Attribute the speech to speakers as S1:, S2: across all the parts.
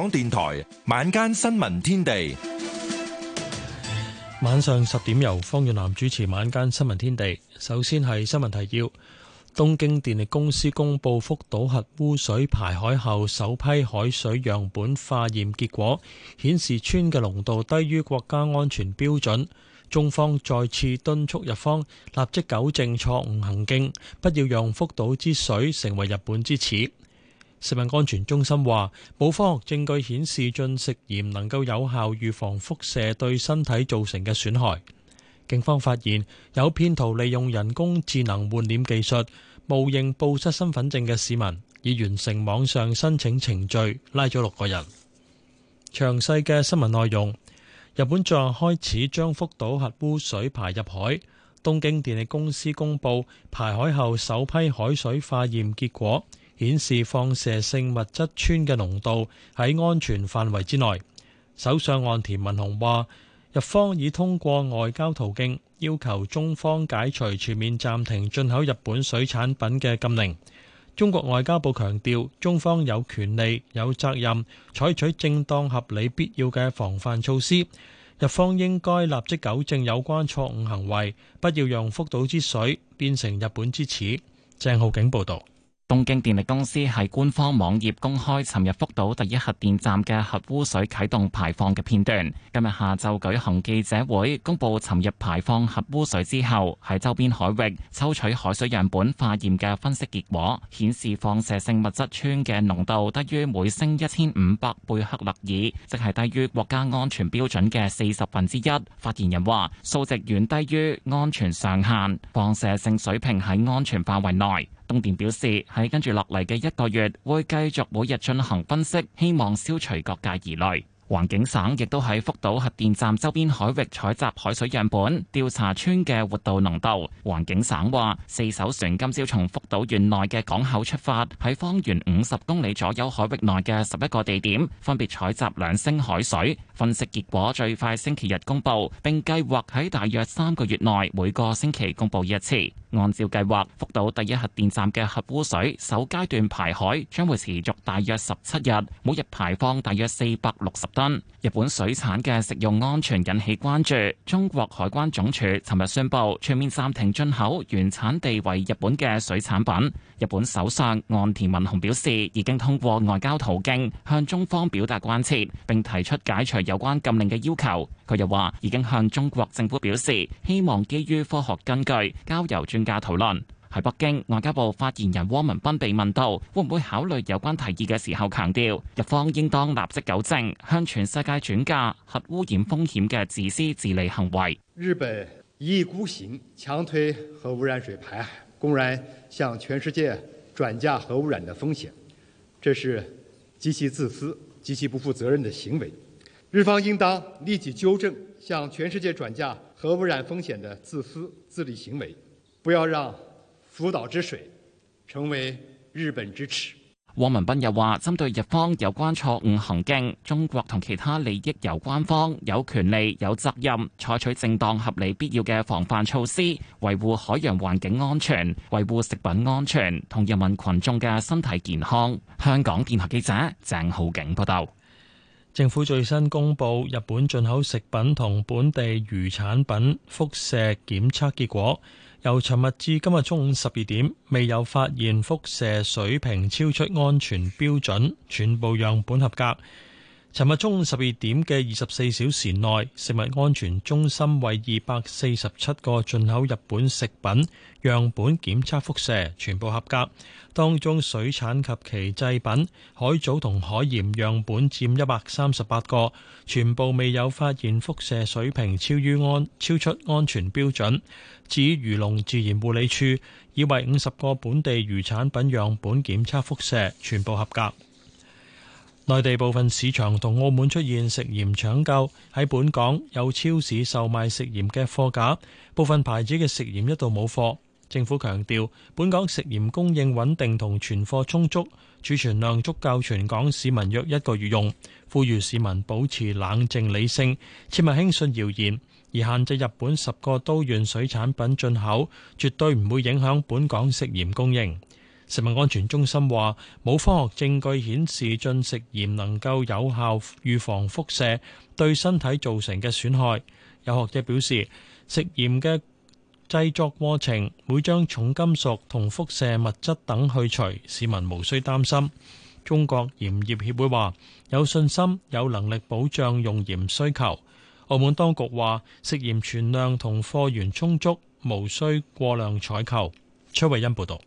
S1: 港電台晚間新聞
S2: 天地，晚上十點由方遠南主持。晚間新聞天地，首先係新聞提要：東京電力公司公布福島核污水排海後首批海水樣本化驗結果，顯示氚嘅濃度低於國家安全標準。中方再次敦促日方立即糾正錯誤行徑，不要讓福島之水成為日本之恥。食品安全中心話，冇科學證據顯示進食鹽能夠有效預防輻射對身體造成嘅損害。警方發現有騙徒利用人工智能換臉技術冒認報失身份證嘅市民，已完成網上申請程序，拉咗六個人。詳細嘅新聞內容，日本昨日開始將福島核污水排入海。東京電力公司公布排海後首批海水化驗結果。顯示放射性物質氚嘅濃度喺安全範圍之內。首相岸田文雄話，日方已通過外交途徑要求中方解除全面暫停進口日本水產品嘅禁令。中國外交部強調，中方有權利、有責任採取正當、合理、必要嘅防範措施。日方應該立即糾正有關錯誤行為，不要讓福島之水變成日本之恥。鄭浩景報導。東京電力公司
S3: 喺官方網頁公開尋日福島第一核電站嘅核污水啟動排放嘅片段。今日下晝舉行記者會，公布尋日排放核污水之後，喺周邊海域抽取海水樣本化驗嘅分析結果，顯示放射性物質氚嘅濃度低於每升一千五百貝克勒爾，即係低於國家安全標準嘅四十分之一。發言人話：數值遠低於安全上限，放射性水平喺安全範圍內。東電表示，喺跟住落嚟嘅一個月，會繼續每日進行分析，希望消除各界疑慮。環境省亦都喺福島核電站周邊海域採集海水樣本，調查氚嘅活度濃度。環境省話，四艘船今朝從福島縣內嘅港口出發，喺方圓五十公里左右海域內嘅十一個地點分別採集兩升海水，分析結果最快星期日公布，並計劃喺大約三個月內每個星期公布一次。按照計劃，福島第一核電站嘅核污水首階段排海將會持續大約十七日，每日排放大約四百六十噸日本水產嘅食用安全引起關注。中國海關總署尋日宣布，全面暫停進口原產地為日本嘅水產品。日本首相岸田文雄表示，已經通過外交途徑向中方表達關切，並提出解除有關禁令嘅要求。佢又話已經向中國政府表示，希望基於科學根據，交由專家討論。喺北京，外交部發言人汪文斌被問到會唔會考慮有關提議嘅時候，強調日方應當立即糾正向全世界轉嫁核污染風險嘅自私自利行為。
S4: 日本一意孤行，強推核污染水排海，公然向全世界轉嫁核污染的風險，這是極其自私、極其不負責任的行為。日方應當立即糾正向全世界轉嫁核污染風險的自私自利行為，不要讓福島之水，成為日本支持。
S3: 汪文斌又話，針對日方有關錯誤行徑，中國同其他利益有關方有權利、有責任採取正當、合理、必要嘅防範措施，維護海洋環境安全，維護食品安全同人民群眾嘅身體健
S2: 康。香港電台記者鄭浩景報道。政府最新公布日本進口食品同本地漁產品輻射檢測結果。由尋日至今日中午十二點，未有發現輻射水平超出安全標準，全部樣本合格。尋日中午十二點嘅二十四小時內，食物安全中心為二百四十七個進口日本食品樣本檢測輻射，全部合格。當中水產及其製品、海藻同海鹽樣本佔一百三十八個，全部未有發現輻射水平超於安超出安全標準。至於漁農自然護理署，已為五十個本地漁產品樣本檢測輻射，全部合格。內地部分市場同澳門出現食鹽搶購，喺本港有超市售賣食鹽嘅貨架，部分牌子嘅食鹽一度冇貨。政府強調，本港食鹽供應穩定同存貨充足，儲存量足夠，全港市民約一個月用。呼籲市民保持冷靜理性，切勿輕信謠言。而限制日本十個都縣水產品進口，絕對唔會影響本港食鹽供應。食物安全中心話：冇科學證據顯示進食鹽能夠有效預防輻射對身體造成嘅損害。有學者表示，食鹽嘅製作過程會將重金屬同輻射物質等去除，市民無需擔心。中國鹽業協會話：有信心有能力保障用鹽需求。澳門當局話：食鹽存量同貨源充足，無需過量採購。崔慧欣報道。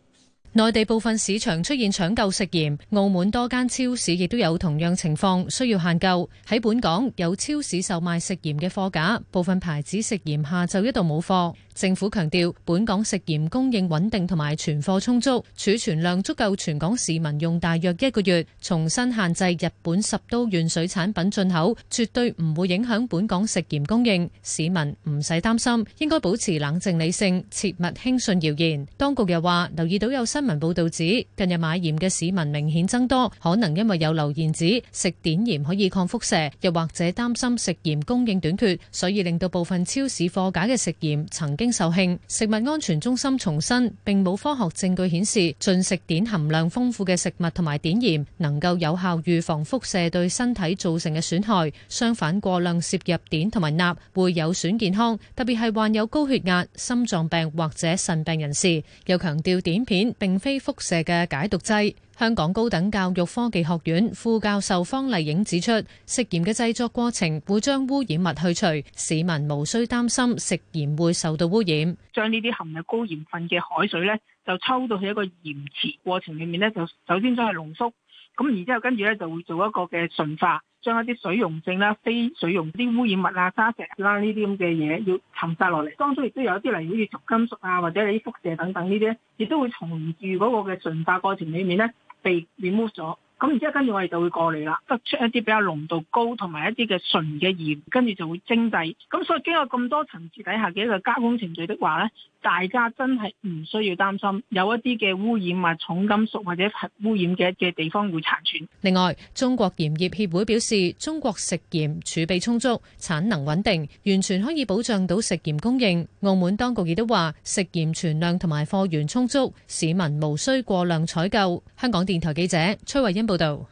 S5: 內地部分市場出現搶購食鹽，澳門多間超市亦都有同樣情況，需要限購。喺本港有超市售賣食鹽嘅貨架，部分牌子食鹽下晝一度冇貨。政府強調，本港食鹽供應穩定同埋存貨充足，儲存量足夠全港市民用大約一個月。重新限制日本十都縣水產品進口，絕對唔會影響本港食鹽供應，市民唔使擔心，應該保持冷靜理性，切勿輕信謠言。當局又話，留意到有新聞報道指，近日買鹽嘅市民明顯增多，可能因為有流言指食碘鹽可以抗輻射，又或者擔心食鹽供應短缺，所以令到部分超市貨架嘅食鹽曾經。經受慶。食物安全中心重申，並冇科學證據顯示進食碘含量豐富嘅食物同埋碘鹽能夠有效預防輻射對身體造成嘅損害。相反，過量攝入碘同埋鈉會有損健康，特別係患有高血壓、心臟病或者腎病人士。又強調碘片並非輻射嘅解毒劑。香港高等教育科技學院副教授方麗影指出，食鹽嘅製作過程會將污染物去除，市民無需擔心食鹽會受到污染。將呢啲
S6: 含有高鹽分嘅海水咧，就抽到去一個鹽池過程裏面咧，就首先將佢濃縮，咁然之後跟住咧就會做一個嘅純化，將一啲水溶性啦、非水溶啲污染物啊、沙石啦呢啲咁嘅嘢要沉晒落嚟。當中亦都有一啲例如好似重金屬啊，或者你啲輻射等等呢啲咧，亦都會從住嗰個嘅純化過程裏面咧。被 remove 咗，咁然之後跟住我哋就會過濾啦，得出一啲比較濃度高同埋一啲嘅純嘅鹽，跟住就會蒸製。咁所以經過咁多層次底下嘅一個加工程序的話咧。大
S5: 家真係唔需要擔心，有一啲嘅污染物、重金屬或者核污染嘅嘅地方會殘存。另外，中國鹽業協會表示，中國食鹽儲備充足，產能穩定，完全可以保障到食鹽供應。澳門當局亦都話，食鹽存量同埋貨源充足，市民無需過量採購。香港電台記者崔慧欣報導。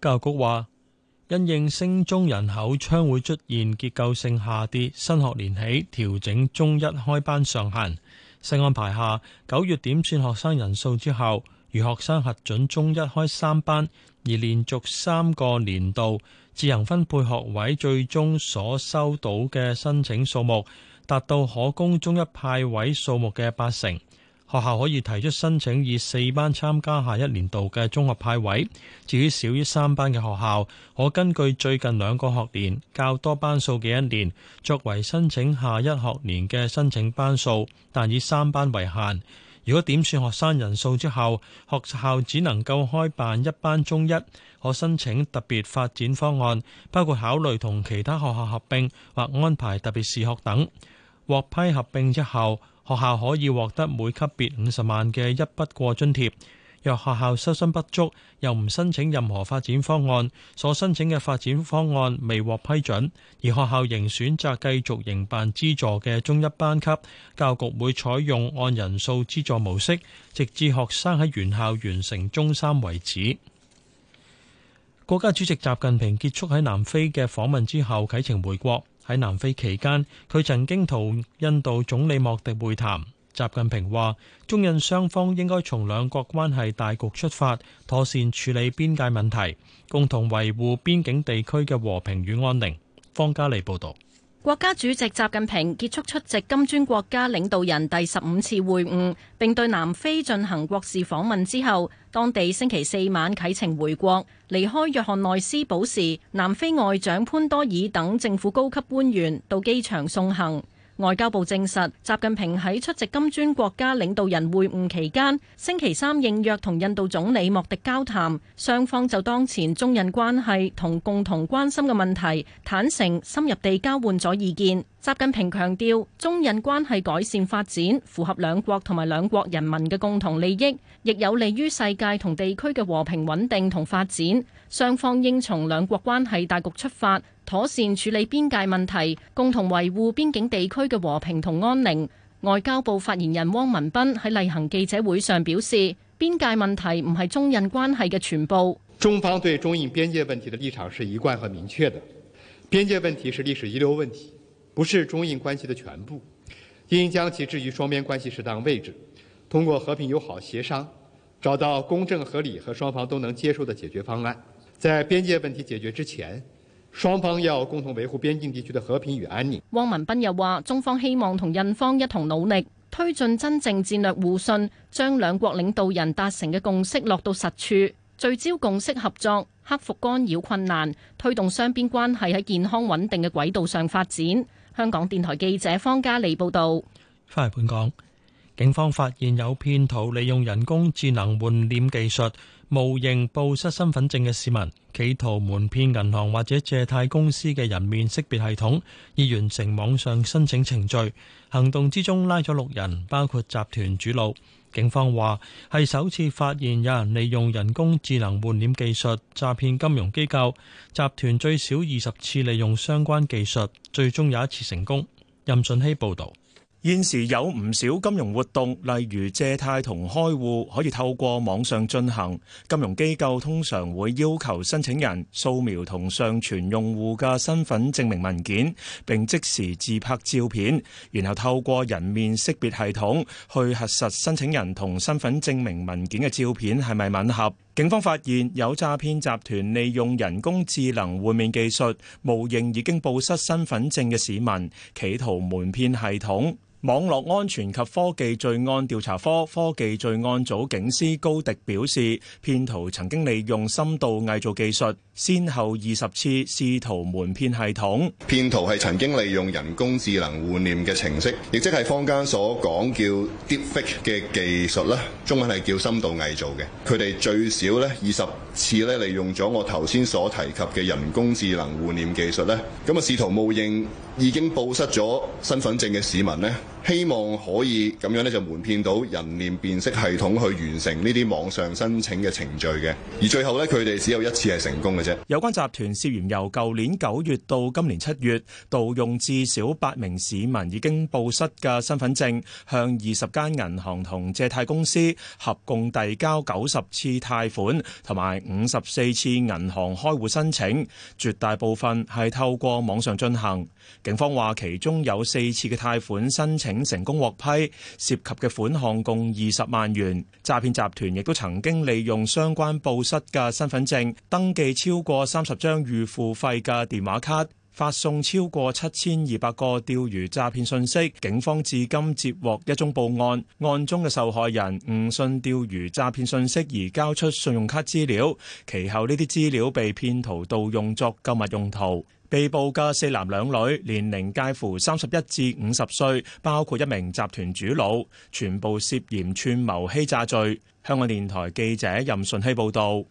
S2: 教育局話，因應升中人口將會出現結構性下跌，新學年起調整中一開班上限。新安排下，九月點算學生人數之後，如學生核准中一開三班，而連續三個年度自行分配學位最終所收到嘅申請數目，達到可供中一派位數目嘅八成。學校可以提出申請以四班參加下一年度嘅中學派位。至於少於三班嘅學校，可根據最近兩個學年較多班數嘅一年作為申請下一學年嘅申請班數，但以三班為限。如果點算學生人數之後，學校只能夠開辦一班中一，可申請特別發展方案，包括考慮同其他學校合併或安排特別試學等。獲批合併之後，學校可以獲得每級別五十萬嘅一筆過津貼。若學校收生不足，又唔申請任何發展方案，所申請嘅發展方案未獲批准，而學校仍選擇繼續營辦資助嘅中一班級，教育局會採用按人數資助模式，直至學生喺原校完成中三為止。國家主席習近平結束喺南非嘅訪問之後，啟程回國。喺南非期間，佢曾經同印度總理莫迪會談。習近平話：中印雙方應該從兩國關係大局出發，妥善處理邊界問題，共同維護邊境地區嘅和平與安寧。方家莉報導。
S7: 國家主席習近平結束出席金磚國家領導人第十五次會晤，並對南非進行國事訪問之後，當地星期四晚啟程回國，離開約翰內斯堡時，南非外長潘多爾等政府高級官員到機場送行。外交部證實，習近平喺出席金磚國家領導人會晤期間，星期三應約同印度總理莫迪交談，雙方就當前中印關係同共同關心嘅問題坦誠、深入地交換咗意見。習近平強調，中印關係改善發展符合兩國同埋兩國人民嘅共同利益，亦有利於世界同地區嘅和平穩定同發展。雙方應從兩國關係大局出發，妥善處理邊界問題，共同維護邊境地區嘅和平同安寧。外交部發言人汪文斌喺例行記者會上表示，邊界問題唔係中印關係嘅全部。
S4: 中方對中印邊界問題嘅立場是一貫和明確的。邊界問題是歷史遺留問題。不是中印關係的全部，應將其置於雙邊關係適當位置，通過和平友好協商，找到公正合理和雙方都能接受的解決方案。在邊界問題解決之前，雙方要共同維護邊境地區的和平與安寧。
S7: 汪文斌又話，中方希望同印方一同努力，推進真正戰略互信，將兩國領導人達成嘅共識落到實處，聚焦共識合作，克服干擾困難，推動雙邊關係喺健康穩定嘅軌道上發展。香港電台記者方嘉莉報
S2: 道：翻嚟本港，警方發現有騙徒利用人工智能換臉技術，冒認報失身份証嘅市民，企圖瞞騙銀行或者借貸公司嘅人面識別系統，以完成網上申請程序。行動之中拉咗六人，包括集團主腦。警方話，係首次發現有人利用人工智能換臉技術詐騙金融機構，集團最少二十次利用相關技術，最終有一次成功。任順希報導。
S1: 現時有唔少金融活動，例如借貸同開戶，可以透過網上進行。金融機構通常會要求申請人掃描同上傳用戶嘅身份證明文件，並即時自拍照片，然後透過人面識別系統去核實申請人同身份證明文件嘅照片係咪吻合。警方發現有詐騙集團利用人工智能換面技術，冒認已經報失身份證嘅市民，企圖瞞騙系統。網絡安全及科技罪案調查科科技罪案組警司高迪表示，騙徒曾經利用深度偽造技術，先後二十次
S4: 試圖瞞騙系統。騙徒係曾經利用人工智能換臉嘅程式，亦即係坊間所講叫 deepfake 嘅技術啦，中文係叫深度偽造嘅。佢哋最少咧二十次咧利用咗我頭先所提及嘅人工智能換臉技術咧，咁啊試圖冒認已經報失咗身份證嘅市民咧。希望可以咁樣咧，就瞞騙到人臉辨識系統去完成呢啲網上申請嘅程序嘅。而最後咧，佢哋只有一次係成功嘅啫。有關集團涉嫌由
S1: 舊年九月到今年七月，盜用至少八名市民已經報失嘅身份證，向二十間銀行同借貸公司合共遞交九十次貸款同埋五十四次銀行開戶申請，絕大部分係透過網上進行。警方話其中有四次嘅貸款申請，成功獲批，涉及嘅款項共二十萬元。詐騙集團亦都曾經利用相關報失嘅身份證，登記超過三十張預付費嘅電話卡，發送超過七千二百個釣魚詐騙信息。警方至今接獲一宗報案，案中嘅受害人誤信釣魚詐騙信息而交出信用卡資料，其後呢啲資料被騙徒盜用作購物用途。被捕嘅四男兩女，年齡介乎三十一至五十歲，包括一名集團主腦，全部涉嫌串謀欺詐罪。香港電台記者任順熙報道。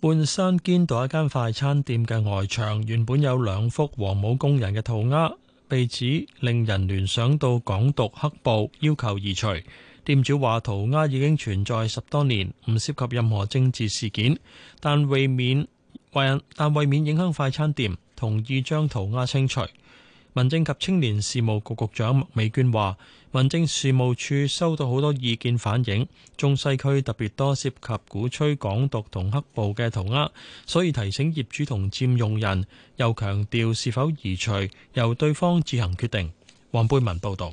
S2: 半山堅道一間快餐店嘅外牆原本有兩幅黃母工人嘅塗鴉，被指令人聯想到港獨黑暴，要求移除。店主話塗鴉已經存在十多年，唔涉及任何政治事件，但為免。但為免影響快餐店，同意將塗鴉清除。民政及青年事務局局長麥美娟話：民政事務處收到好多意見反映，中西區特別多涉及鼓吹港獨同黑暴嘅塗鴉，所以提醒業主同佔用人，又強調是否移除由對方自行決定。黃貝文報
S8: 導。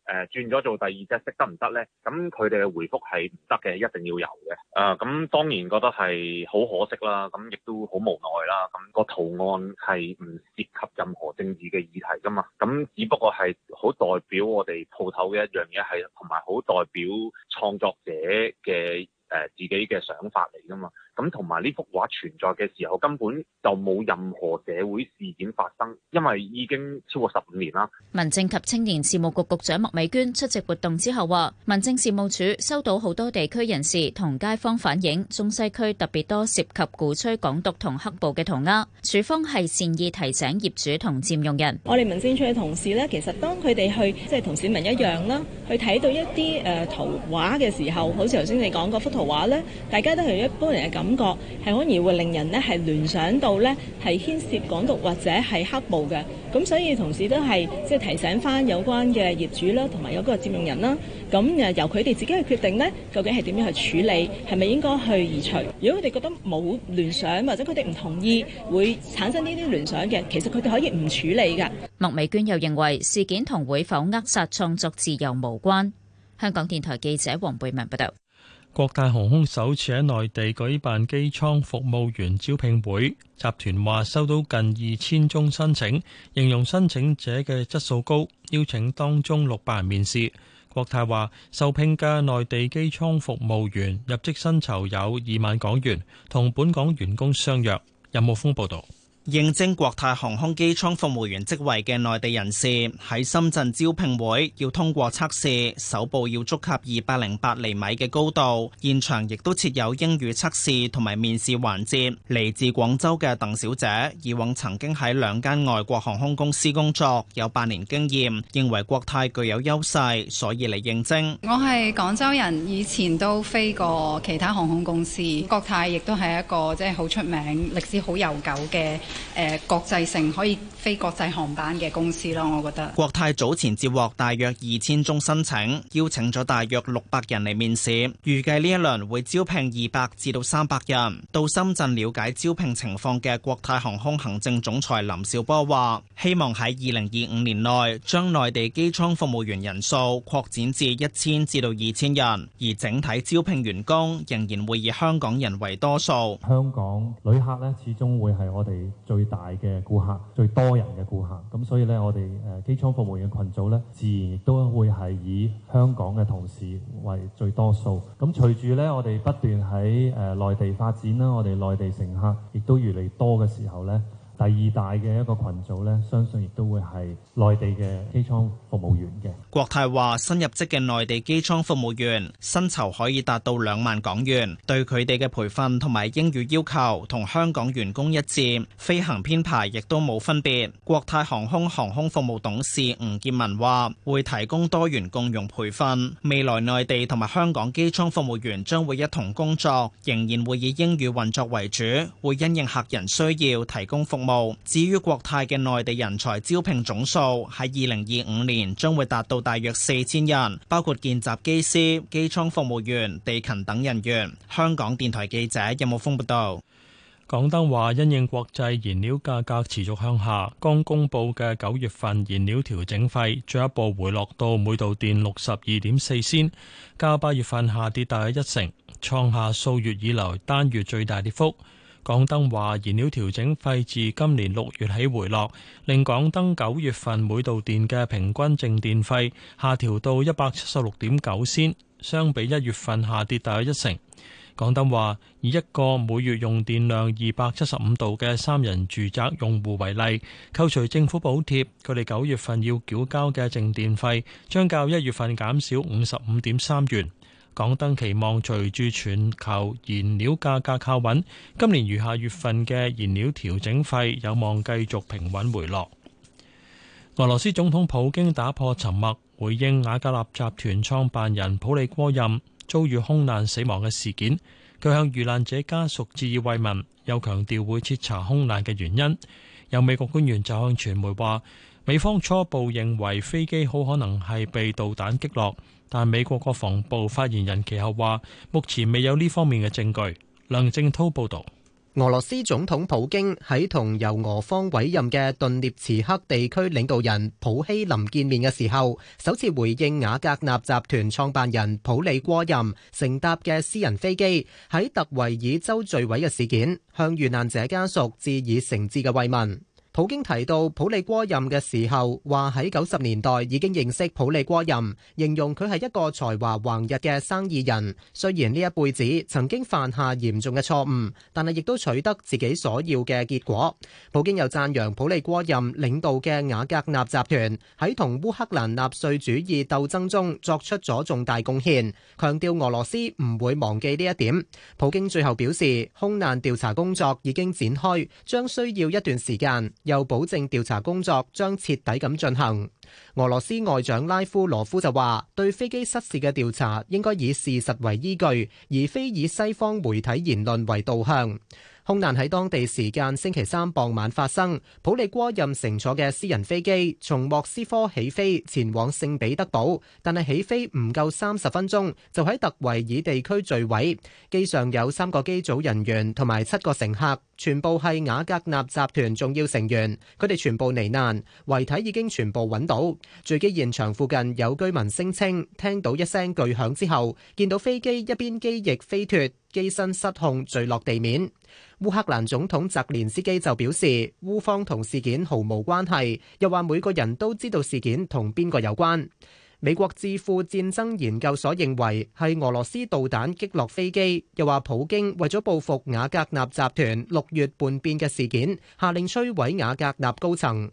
S3: 誒轉咗做第二隻，識得唔得咧？咁佢哋嘅回覆係唔得嘅，一定要有嘅。誒、呃、咁當然覺得係好可惜啦，咁亦都好無奈啦。咁、那個圖案係唔涉及任何政治嘅議題噶嘛？咁只不過係好代表我哋鋪頭嘅一樣嘢，係同埋好代表創作者嘅誒、呃、自己嘅想法嚟噶嘛。咁同埋呢幅畫存在嘅時候，根本就冇任何社會事件發生，因為已經超過十五年啦。
S9: 民政及青年事務局局長麥美娟出席活動之後話，民政事務署收到好多地區人士同街坊反映，中西區特別多涉及鼓吹港獨同黑暴嘅塗鴉，處方係善意提醒業主同佔用人。我哋民政處嘅同事咧，
S10: 其實當佢哋去即係同市民一樣啦，去睇到一啲誒圖畫嘅時候，好似頭先你講嗰幅圖畫咧，大家都係一般人嘅感感覺係可能會令人咧係聯想到咧，係牽涉港獨或者係黑暴嘅，咁所以同時都係即係提醒翻有關嘅業主啦，同埋有嗰個佔用人啦，咁誒由佢哋自己去決定呢，究竟係點樣去處理，係咪應該去移除？如果佢哋覺得冇聯想或者佢哋唔同意會產生呢啲聯想嘅，其實佢哋可以唔處理噶。麥美娟又認為
S9: 事件同會否扼殺創作自由無關。香港電台記者黃貝文報
S2: 道。國泰航空首次喺內地舉辦機艙服務員招聘會，集團話收到近二千宗申請，形容申請者嘅質素高，邀請當中六百人面試。國泰話受聘嘅內地機艙服務員入職薪酬有二萬港元，同本港員工相若。任武峰報道。
S8: 應徵國泰航空機艙服務員職位嘅內地人士喺深圳招聘會，要通過測試，手部要觸及二百零八厘米嘅高度，現場亦都設有英語測試同埋面試環節。嚟自廣州嘅鄧小姐以往曾經喺兩間外國航空公司工作，有八年經驗，認為國泰具有優勢，所以嚟應徵。
S9: 我係廣州人，以前都飛過其他航空公司，國泰亦都係一個即係好出名、歷史好悠久嘅。誒、國際性，可以飛國際航班嘅公司咯。我覺得
S8: 國泰早前接獲大約二千宗申請，邀請咗大約六百人嚟面試，預計呢一輪會招聘二百至到三百人。到深圳了解招聘情況嘅國泰航空行政總裁林紹波話，希望喺二零二五年內將內地機艙服務員人數擴展至一千至到二千人，而整體招聘員工仍然會以香港人為多數。
S2: 香港旅客呢，始終會係我哋最大嘅顧客、最多人嘅顧客，咁所以咧，我哋誒、呃、機艙服務員群組咧，自然亦都會係以香港嘅同事為最多數。咁隨住咧，我哋不斷喺誒內地發展啦，我哋內地乘客亦都越嚟越多嘅時候咧。第二大嘅一個群組咧，相信亦都會係內地嘅機艙服務員
S8: 嘅。國泰話：新入職嘅內地機艙服務員薪酬可以達到兩萬港元，對佢哋嘅培訓同埋英語要求同香港員工一致，飛行編排亦都冇分別。國泰航空航空服務董事吳建文話：會提供多元共融培訓，未來內地同埋香港機艙服務員將會一同工作，仍然會以英語運作為主，會因應客人需要提供服務。至於國泰嘅內地人才招聘總數喺二零二五年將會達到大約四千人，包括見習機師、機艙服務員、地勤等人員。香港電台記者任武峰報道。港燈話，
S2: 因應國際燃料價格持續向下，剛公布嘅九月份燃料調整費進一步回落到每度電六十二點四仙，較八月份下跌大約一成，創下數月以來單月最大跌幅。港燈話燃料調整費自今年六月起回落，令港燈九月份每度電嘅平均淨電費下調到一百七十六點九仙，相比一月份下跌大約一成。港燈話以一個每月用電量二百七十五度嘅三人住宅用戶為例，扣除政府補貼，佢哋九月份要繳交嘅淨電費將較一月份減少五十五點三元。港燈期望隨住全球燃料價格靠穩，今年餘下月份嘅燃料調整費有望繼續平穩回落。俄羅斯總統普京打破沉默，回應瓦格納集團創辦人普利戈任遭遇空難死亡嘅事件，佢向遇難者家屬致以慰問，又強調會徹查空難嘅原因。有美國官員就向傳媒話，美方初步認為飛機好可能係被導彈擊落。但美國國防部發言人其後話，目前未有呢方面嘅證據。梁正滔報導，
S11: 俄羅斯總統普京喺同由俄方委任嘅頓涅茨克地區領導人普希林見面嘅時候，首次回應雅格納集團創辦人普利過任乘搭嘅私人飛機喺特維爾州墜毀嘅事件，向遇難者家屬致以誠摯嘅慰問。普京提到普利戈任嘅時候，話喺九十年代已經認識普利戈任，形容佢係一個才華橫溢嘅生意人。雖然呢一輩子曾經犯下嚴重嘅錯誤，但係亦都取得自己所要嘅結果。普京又讚揚普利戈任領導嘅瓦格納集團喺同烏克蘭納粹主義鬥爭中作出咗重大貢獻，強調俄羅斯唔會忘記呢一點。普京最後表示，空難調查工作已經展開，將需要一段時間。又保證調查工作將徹底咁進行。俄羅斯外長拉夫羅夫就話，對飛機失事嘅調查應該以事實為依據，而非以西方媒體言論為導向。空難喺當地時間星期三傍晚發生，普利戈任乘坐嘅私人飛機從莫斯科起飛前往聖彼得堡，但係起飛唔夠三十分鐘就喺特維爾地區墜毀。機上有三個機組人員同埋七個乘客，全部係瓦格納集團重要成員，佢哋全部罹難。遺體已經全部揾到。墜機現場附近有居民聲稱聽到一聲巨響之後，見到飛機一邊機翼飛脫。機身失控墜落地面，烏克蘭總統澤連斯基就表示，烏方同事件毫無關係，又話每個人都知道事件同邊個有關。美國智庫戰爭研究所認為係俄羅斯導彈擊落飛機，又話普京為咗報復瓦格納集團六月叛變嘅事件，下令摧毀瓦格納高層。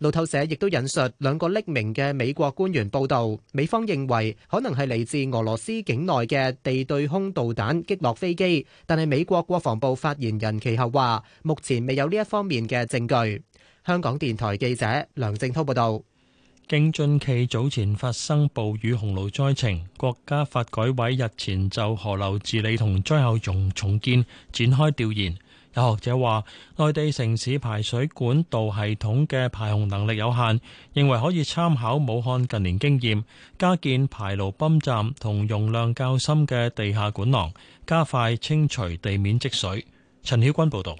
S11: 路透社亦都引述兩個匿名嘅美國官員報道，美方認為可能係嚟自俄羅斯境內嘅地對空導彈擊落飛機，但係美國國防部發言人其後話目前未有呢一方面嘅證據，香港電台記者梁正濤報道。因
S2: 近期早前發生暴雨洪澇災情，國家發改委日前就河流治理同災後容重建展開調研。有學者話內地城市排水管道系統嘅排洪能力有限，認為可以參考武漢近年經驗，加建排澇泵站同容量較深嘅地下管廊，加快清除地面積水。陳曉君報道。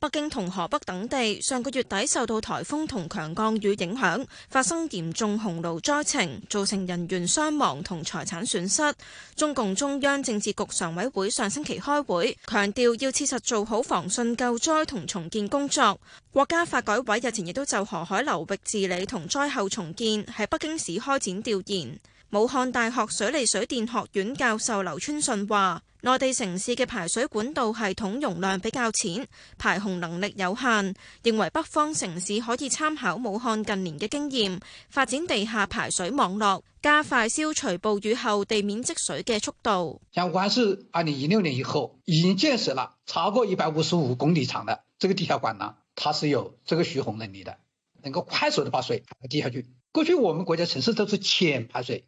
S12: 北京同河北等地上個月底受到颱風同強降雨影響，發生嚴重洪澇災情，造成人員傷亡同財產損失。中共中央政治局常委會上星期開會，強調要切實做好防汛救災同重建工作。國家發改委日前亦都就河海流域治理同災後重建喺北京市開展調研。武漢大學水利水電學院教授劉春信話。內地城市嘅排水管道系統容量比較淺，排洪能力有限。認為北方城市可以參考武漢近年嘅經驗，發展地下排水網絡，加快消除暴雨後地面積水嘅速度。像
S4: 武漢市，二零一六年以後已經建設了超過一百五十五公里長嘅這個地下管廊，它是有這個蓄洪能力嘅，能夠快速地把水排低下去。過去我們國家城市都是淺排水。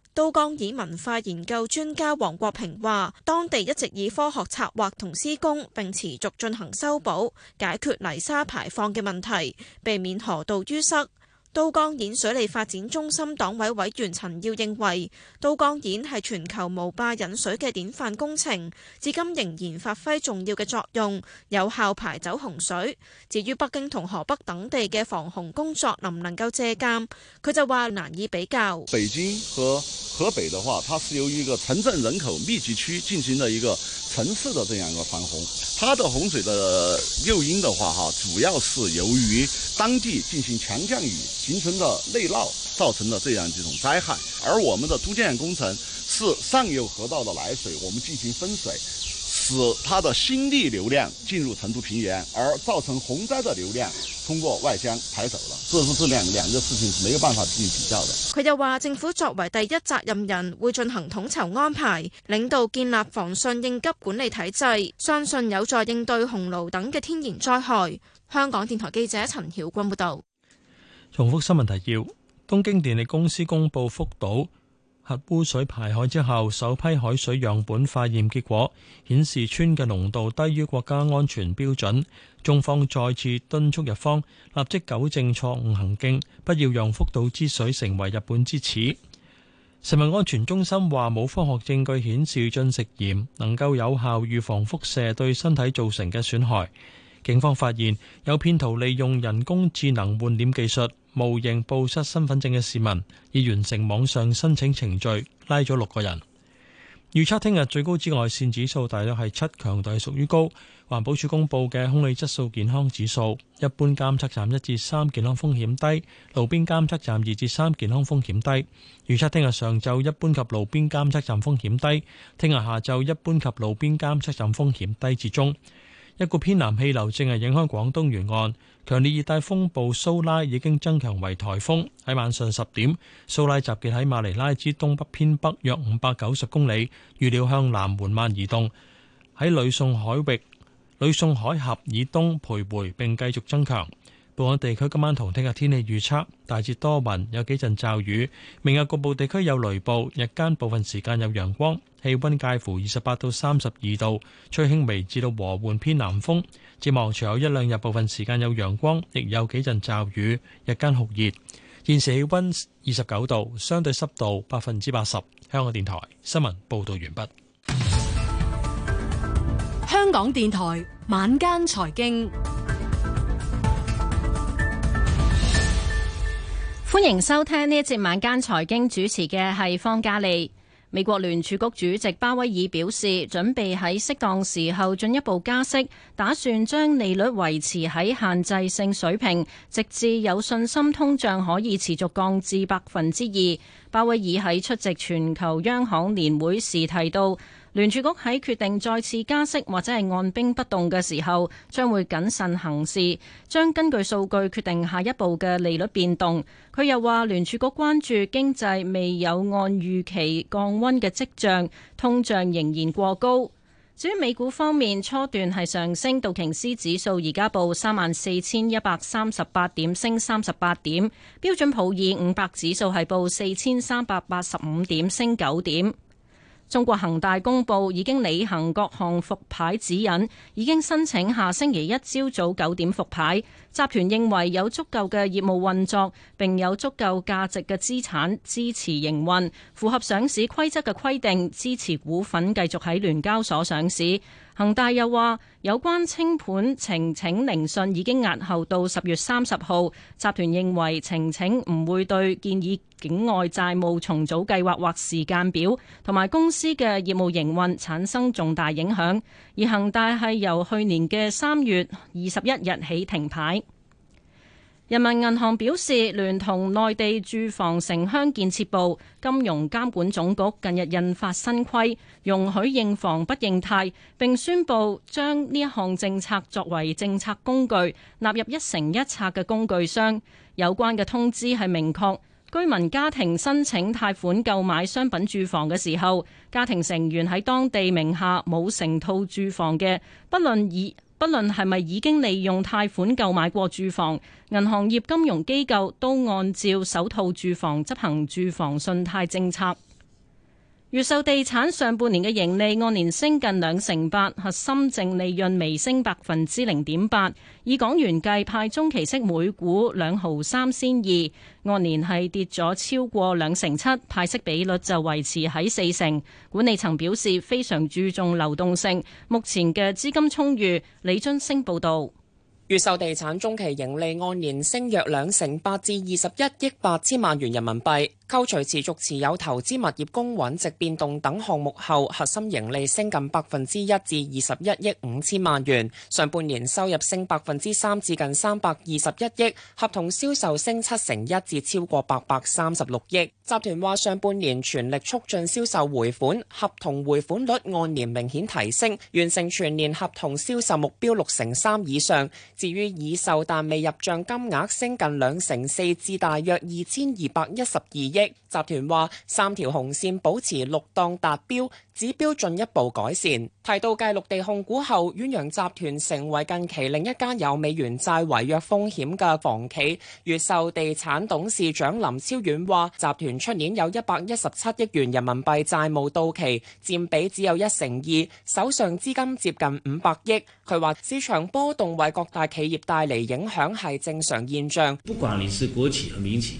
S12: 都江堰文化研究專家王國平話當地一直以科學策劃同施工，並持續進行修補，解決泥沙排放嘅問題，避免河道淤塞。都江堰水利發展中心黨委委員陳耀認為，都江堰係全球無壩引水嘅典範工程，至今仍然發揮重要嘅作用，有效排走洪水。至於北京同河北等地嘅防洪工作能唔能夠借鑒，佢就話難以比較。
S3: 北京和河北的話，它是由於一個城鎮人口密集區進行了一個城市的這樣一個防洪，它的洪水的誘因的話，哈，主要是由於當地進行強降雨。形成的內澇造成的這樣幾種災害，而我們的都江堰工程是上游河道的來水，我們進行分水，使它的新力流量進入成都平原，而造成洪災的流量通過外江排走了。這是兩兩個事情是沒有辦法進行比較的。
S12: 佢又話政府作為第一責任人，會進行統籌安排，領導建立防汛應急管理體制，相信有助應對洪澇等嘅天然災害。香港電台記者陳曉君報道。
S2: 重複新聞提要：東京電力公司公布福島核污水排海之後，首批海水樣本化驗結果顯示，氚嘅濃度低於國家安全標準。中方再次敦促日方立即糾正錯誤行徑，不要讓福島之水成為日本之恥。食物安全中心話，冇科學證據顯示進食鹽能夠有效預防輻射對身體造成嘅損害。警方發現有騙徒利用人工智能換臉技術。無形報失身份證嘅市民，已完成網上申請程序，拉咗六個人。預測聽日最高紫外線指數大約係七，強度係屬於高。環保署公布嘅空氣質素健康指數，一般監測站一至三健康風險低，路邊監測站二至三健康風險低。預測聽日上晝一般及路邊監測站風險低，聽日下晝一般及路邊監測站風險低至中。一股偏南氣流正係影響廣東沿岸，強烈熱帶風暴蘇拉已經增強為颱風。喺晚上十點，蘇拉集結喺馬尼拉之東北偏北約五百九十公里，預料向南緩慢移動。喺呂宋海域、呂宋海峽以東徘徊並繼續增強。港地區今晚同聽日天氣預測，大致多雲，有幾陣驟雨。明日局部地區有雷暴，日間部分時間有陽光，氣溫介乎二十八到三十二度，吹輕微至到和緩偏南風。展望，隨後一兩日部分時間有陽光，亦有幾陣驟雨，日間酷熱。現時氣溫二十九度，相對濕度百分之八十。香港電台新聞報道完畢。
S10: 香港電台晚間財經。
S7: 歡迎收聽呢一節晚間財經，主持嘅係方嘉利。美國聯儲局主席鮑威爾表示，準備喺適當時候進一步加息，打算將利率維持喺限制性水平，直至有信心通脹可以持續降至百分之二。鮑威爾喺出席全球央行年會時提到。聯儲局喺決定再次加息或者係按兵不動嘅時候，將會謹慎行事，將根據數據決定下一步嘅利率變動。佢又話，聯儲局關注經濟未有按預期降溫嘅跡象，通脹仍然過高。至於美股方面，初段係上升，道瓊斯指數而家報三萬四千一百三十八點，升三十八點；標準普爾五百指數係報四千三百八十五點，升九點。中國恒大公佈已經履行各項復牌指引，已經申請下星期一朝早九點復牌。集團認為有足夠嘅業務運作，並有足夠價值嘅資產支持營運，符合上市規則嘅規定，支持股份繼續喺聯交所上市。恒大又話有關清盤呈請聆訊已經押後到十月三十號。集團認為呈請唔會對建議。境外債務重組計劃或時間表，同埋公司嘅業務營運產生重大影響。而恒大係由去年嘅三月二十一日起停牌。人民銀行表示，聯同內地住房城鄉建設部、金融監管總局近日印發新規，容許認房不認貸，並宣布將呢一項政策作為政策工具納入一城一策嘅工具箱。有關嘅通知係明確。居民家庭申請貸款購買商品住房嘅時候，家庭成員喺當地名下冇成套住房嘅，不論已，不論係咪已經利用貸款購買過住房，銀行業金融機構都按照首套住房執行住房信貸政策。越秀地產上半年嘅盈利按年升近兩成八，核心淨利潤微升百分之零點八，以港元計派中期息每股兩毫三仙二，按年係跌咗超過兩成七，派息比率就維持喺四成。管理層表示非常注重流動性，目前嘅資金充裕。李津
S13: 升報道，越秀地產中期盈利按年升約兩成八至二十一億八千萬元人民幣。扣除持續持有投資物業公允值變動等項目後，核心盈利升近百分之一至二十一億五千萬元，上半年收入升百分之三至近三百二十一億，合同銷售升七成一至超過八百三十六億。集團話上半年全力促進銷售回款，合同回款率按年明顯提升，完成全年合同銷售目標六成三以上。至於已售但未入賬金額升近兩成四至大約二千二百一十二億。集團話三條紅線保持綠檔達標，指標進一步改善。提到繼綠地控股後，遠洋集團成為近期另一間有美元債違約風險嘅房企。越秀地產董事長林超遠話：集團出年有一百一十七億元人民幣債務到期，占比只有一成二，手上資金接近五百億。佢話市場波動為各大企業帶嚟影響係正常現象。不管你是國企和民企。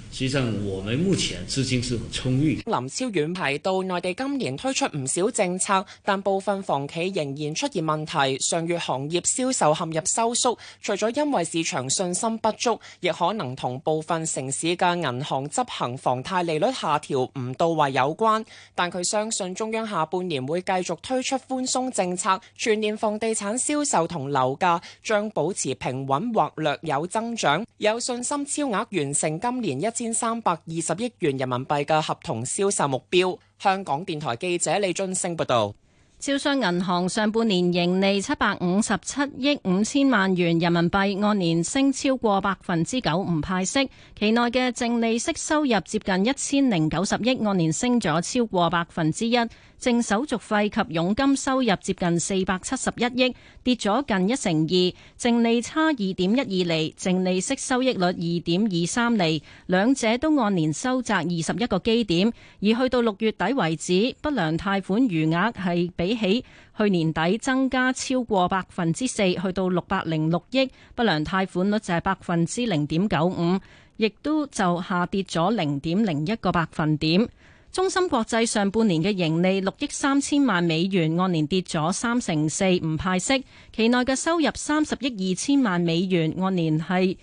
S3: 其實，我們目前資金是充裕。
S13: 林超遠提到，內地今年推出唔少政策，但部分房企仍然出現問題，上月行業銷售陷入收縮，除咗因為市場信心不足，亦可能同部分城市嘅銀行執行房貸利率下調唔到位有關，但佢相信中央下半年會繼續推出寬鬆政策，全年房地產銷售同樓價將保持平穩或略有增長，有信心超額完成今年一。千三百二十億元人民幣嘅合同銷售目標。香港電台記者李津升報導。
S7: 招商銀行上半年盈利七百五十七億五千萬元人民幣，按年升超過百分之九，唔派息。期內嘅淨利息收入接近一千零九十億，按年升咗超過百分之一。淨手續費及佣金收入接近四百七十一億，跌咗近一成二。淨利差二點一二厘，淨利息收益率二點二三厘，兩者都按年收窄二十一個基點。而去到六月底為止，不良貸款餘額係比。比起去年底增加超過百分之四，去到六百零六億，不良貸款率就係百分之零點九五，亦都就下跌咗零點零一個百分點。中芯國際上半年嘅盈利六億三千萬美元，按年跌咗三成四，唔派息。期內嘅收入三十億二千萬美元，按年係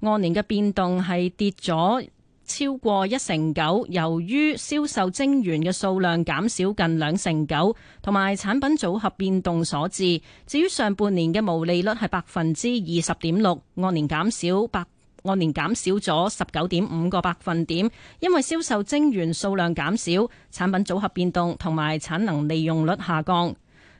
S7: 按年嘅變動係跌咗。超過一成九，由於銷售晶圓嘅數量減少近兩成九，同埋產品組合變動所致。至於上半年嘅毛利率係百分之二十點六，按年減少百，按年減少咗十九點五個百分點，因為銷售晶圓數量減少、產品組合變動同埋產能利用率下降。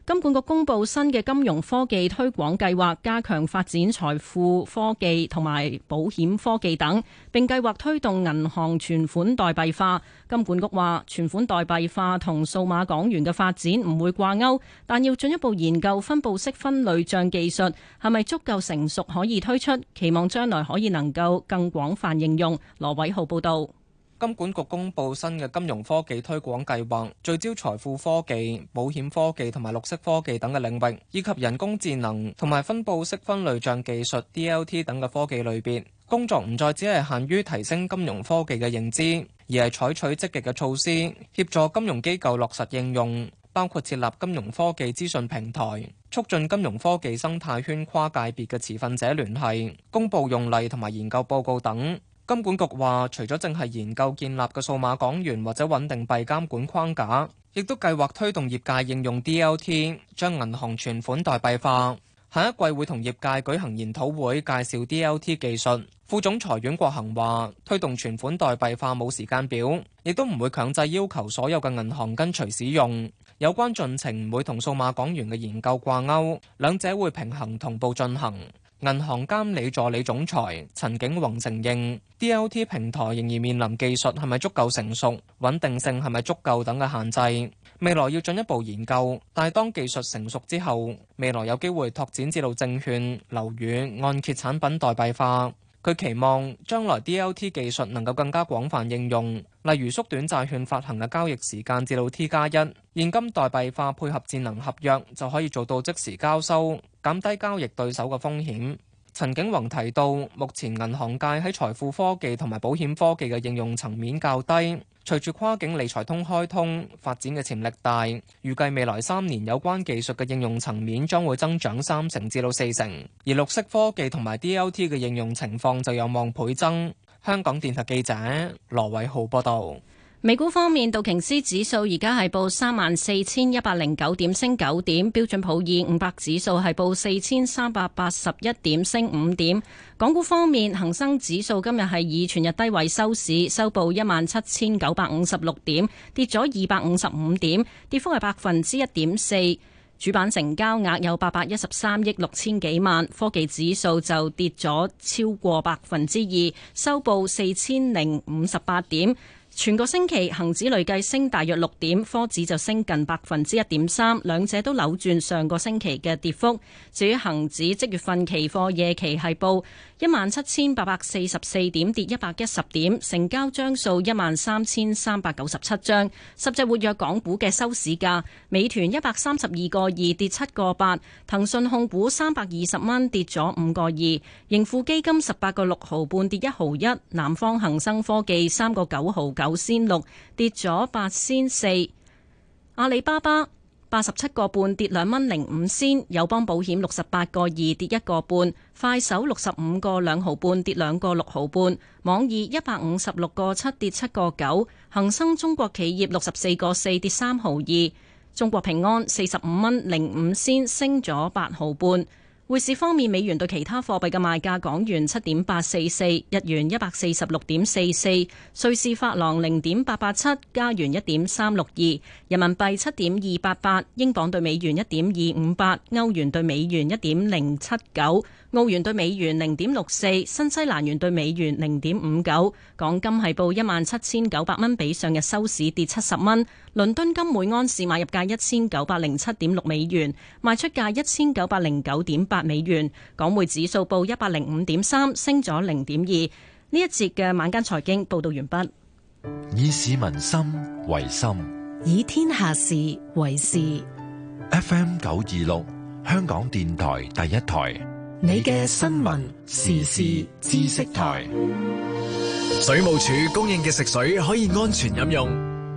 S7: 金管局公布新嘅金融科技推廣計劃，加強發展財富科技同埋保險科技等，並計劃推動銀行存款代幣化。金管局話，存款代幣化同數碼港元嘅發展唔會掛鈎，但要進一步研究分布式分類賬技術，係咪足夠成熟可以推出，期望將來可以能夠更廣泛應用。羅偉浩報
S6: 道。金管局公布新嘅金融科技推廣計劃，聚焦財富科技、保險科技同埋綠色科技等嘅領域，以及人工智能同埋分布式分類賬技術 DLT 等嘅科技類別。工作唔再只係限於提升金融科技嘅認知，而係採取積極嘅措施，協助金融機構落實應用，包括設立金融科技資訊平台，促進金融科技生態圈跨界別嘅持份者聯繫，公布用例同埋研究報告等。金管局話除咗正係研究建立嘅數碼港元或者穩定幣監管框架，亦都計劃推動業界應用 DLT，將銀行存款代幣化。下一季會同業界舉行研討會介紹 DLT 技術。副總裁阮國恒話推動存款代幣化冇時間表，亦都唔會強制要求所有嘅銀行跟隨使用。有關進程唔會同數碼港元嘅研究掛鈎，兩者會平衡同步進行。銀行監理助理總裁陳景宏承認，DLT 平台仍然面臨技術係咪足夠成熟、穩定性係咪足夠等嘅限制，未來要進一步研究。但係當技術成熟之後，未來有機會拓展至到證券、樓宇按揭產品代幣化。佢期望將來 DLT 技術能夠更加廣泛應用，例如縮短債券發行嘅交易時間至到 T 加一，1，現金代幣化配合智能合約就可以做到即時交收，減低交易對手嘅風險。陳景宏提到，目前銀行界喺財富科技同埋保險科技嘅應用層面較低。隨住跨境理財通開通，發展嘅潛力大，預計未來三年有關技術嘅應用層面將會增長三成至到四成，而綠色科技同埋 DLT 嘅應用情況就有望倍增。香港電台記者羅偉浩報道。
S7: 美股方面，道瓊斯指數而家係報三萬四千一百零九點，升九點；標準普爾五百指數係報四千三百八十一點，升五點。港股方面，恒生指數今日係以全日低位收市，收報一萬七千九百五十六點，跌咗二百五十五點，跌幅係百分之一點四。主板成交額有八百一十三億六千幾萬，科技指數就跌咗超過百分之二，收報四千零五十八點。全個星期，恒指累計升大約六點，科指就升近百分之一點三，兩者都扭轉上個星期嘅跌幅。至於恒指，即月份期貨夜期係報，一萬七千八百四十四點跌一百一十點，成交張數一萬三千三百九十七張。十隻活躍港股嘅收市價，美團一百三十二個二跌七個八，騰訊控股三百二十蚊跌咗五個二，盈富基金十八個六毫半跌一毫一，南方恒生科技三個九毫九仙六跌咗八仙四，阿里巴巴，八十七個半跌兩蚊零五仙，友邦保險六十八個二跌一個半，快手六十五個兩毫半跌兩個六毫半，網易一百五十六個七跌七個九，恒生中國企業六十四個四跌三毫二，中國平安四十五蚊零五仙升咗八毫半。匯市方面，美元對其他貨幣嘅賣價：港元七點八四四，日元一百四十六點四四，瑞士法郎零點八八七，加元一點三六二，人民幣七點二八八，英鎊兌美元一點二五八，歐元兌美元一點零七九。澳元兌美元零點六四，新西蘭元兌美元零點五九，港金係報一萬七千九百蚊，比上日收市跌七十蚊。倫敦金每安士買入價一千九百零七點六美元，賣出價一千九百零九點八美元。港匯指數報一百零五點三，升咗零點二。呢一節嘅晚間財經報道
S5: 完畢。以市民心為心，以天下事為事。FM 九二六，香港電台第一台。
S1: 你嘅新聞時事知識台，
S6: 水務署供應嘅食水可以安全飲用，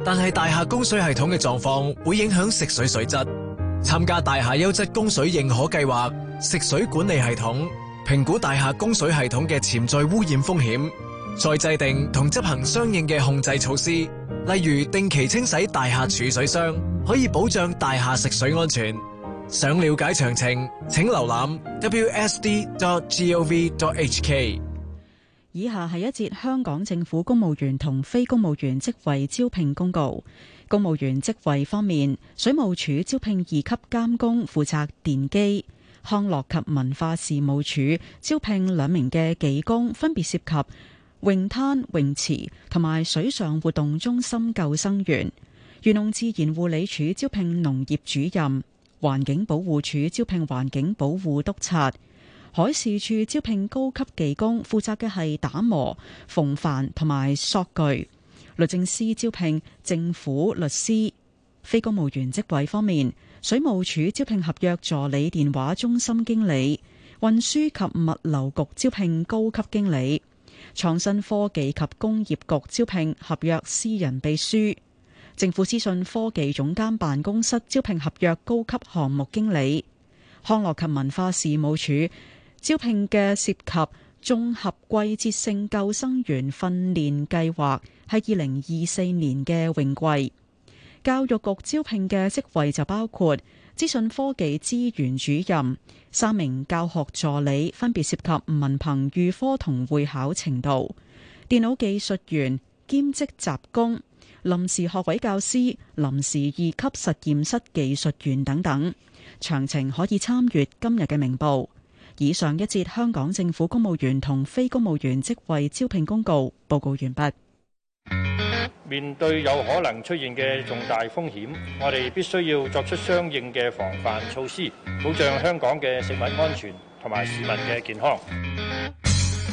S6: 但係大廈供水系統嘅狀況會影響食水水質。參加大廈優質供水認可計劃，食水管理系統評估大廈供水系統嘅潛在污染風險，再制定同執行相應嘅控制措施，例如定期清洗大廈儲水箱，可以保障大廈食水安全。想了解詳情，請瀏覽 wsd.gov.hk。
S10: 以下係一節香港政府公務員同非公務員職位招聘公告。公務員職位方面，水務署招聘二級監工，負責電機。康樂及文化事務署招聘兩名嘅技工，分別涉及泳灘泳池同埋水上活動中心救生員。漁農自然護理署招聘農業主任。環境保護署招聘環境保護督察，海事處招聘高級技工，負責嘅係打磨、縫帆同埋索具。律政司招聘政府律師。非公務員職位方面，水務署招聘合約助理電話中心經理，運輸及物流局招聘高級經理，創新科技及工業局招聘合約私人秘書。政府資訊科技總監辦公室招聘合約高級項目經理，康樂及文化事務署招聘嘅涉及綜合季節性救生員訓練計劃係二零二四年嘅泳季。教育局招聘嘅職位就包括資訊科技資源主任，三名教學助理分別涉及文憑、預科同會考程度，電腦技術員兼職雜工。臨時學位教師、臨時二級實驗室技術員等等，詳情可以參閱今日嘅明報。以上一節，香港政府公務員同非公務員職位招聘公告。報告完畢。
S2: 面對有可能出現嘅重大風險，我哋必須要作出相應嘅防範措施，保障香港嘅食品安全同埋市民嘅健康。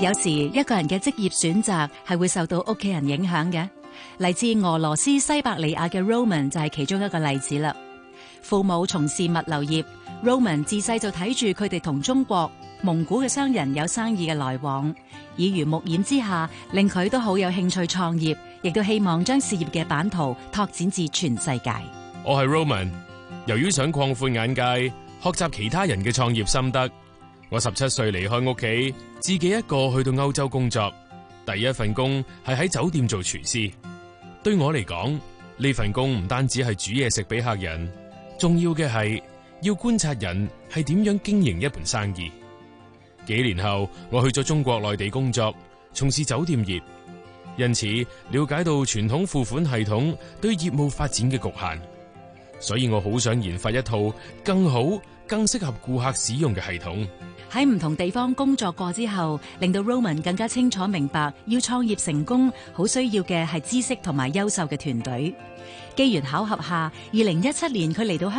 S7: 有時一個人嘅職業選擇係會受到屋企人影響
S5: 嘅。嚟自俄羅斯西伯利亞嘅 Roman 就係其中一個例子啦。父母從事物流業，Roman 自細就睇住佢哋同中國、蒙古嘅
S7: 商人有生意嘅來往，耳濡目染之下，令佢都好有興趣創業，亦都希望將事業嘅版圖拓展至全世界。
S1: 我係 Roman，由於想擴闊眼界，學習其他人嘅創業心得。我十七歲離開屋企，自己一個去到歐洲工作。第一份工係喺酒店做廚師。對我嚟講，呢份工唔單止係煮嘢食俾客人，重要嘅係要觀察人係點樣經營一盤生意。幾年後，我去咗中國內地工作，從事酒店業，因此了解到傳統付款系統對業務發展嘅局限，所以我好想研發一套更好。更適合顧客使用嘅系統。
S5: 喺唔同地方
S7: 工作過之後，令到 Roman 更加清楚明白，要創業成功，好需要嘅
S5: 係知識同埋優秀嘅團隊。機緣巧合下，二零一七年佢嚟到香。